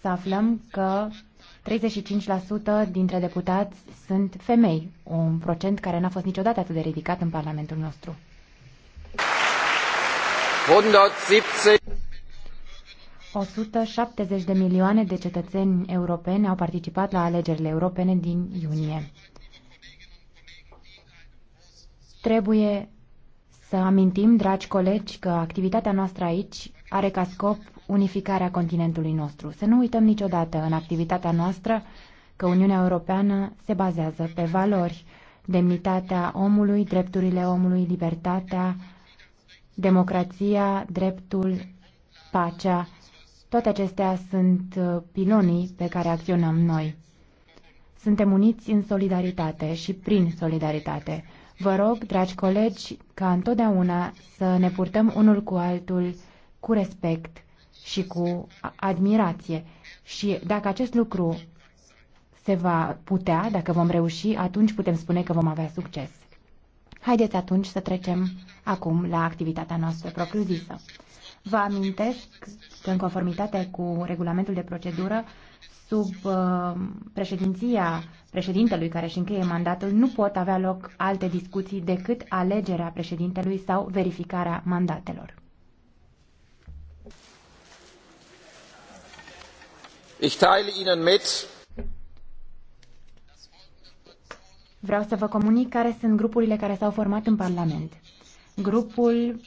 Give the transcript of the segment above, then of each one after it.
să aflăm că 35% dintre deputați sunt femei, un procent care n-a fost niciodată atât de ridicat în Parlamentul nostru. 170. 170 de milioane de cetățeni europeni au participat la alegerile europene din iunie. Trebuie să amintim, dragi colegi, că activitatea noastră aici are ca scop unificarea continentului nostru. Să nu uităm niciodată în activitatea noastră că Uniunea Europeană se bazează pe valori, demnitatea omului, drepturile omului, libertatea, democrația, dreptul, pacea. Toate acestea sunt uh, pilonii pe care acționăm noi. Suntem uniți în solidaritate și prin solidaritate. Vă rog, dragi colegi, ca întotdeauna să ne purtăm unul cu altul cu respect și cu admirație. Și dacă acest lucru se va putea, dacă vom reuși, atunci putem spune că vom avea succes. Haideți atunci să trecem acum la activitatea noastră propriu-zisă. Vă amintesc că în conformitate cu regulamentul de procedură, sub uh, președinția președintelui care își încheie mandatul, nu pot avea loc alte discuții decât alegerea președintelui sau verificarea mandatelor. Ich teile Ihnen mit. Vreau să vă comunic care sunt grupurile care s-au format în Parlament. Grupul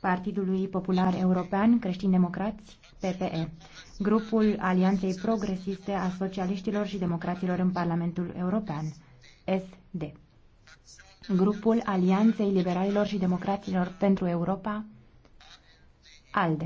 Partidului Popular European Creștin-Democrați, PPE. Grupul Alianței Progresiste a Socialiștilor și Democraților în Parlamentul European, SD. Grupul Alianței Liberalilor și Democraților pentru Europa, ALDE.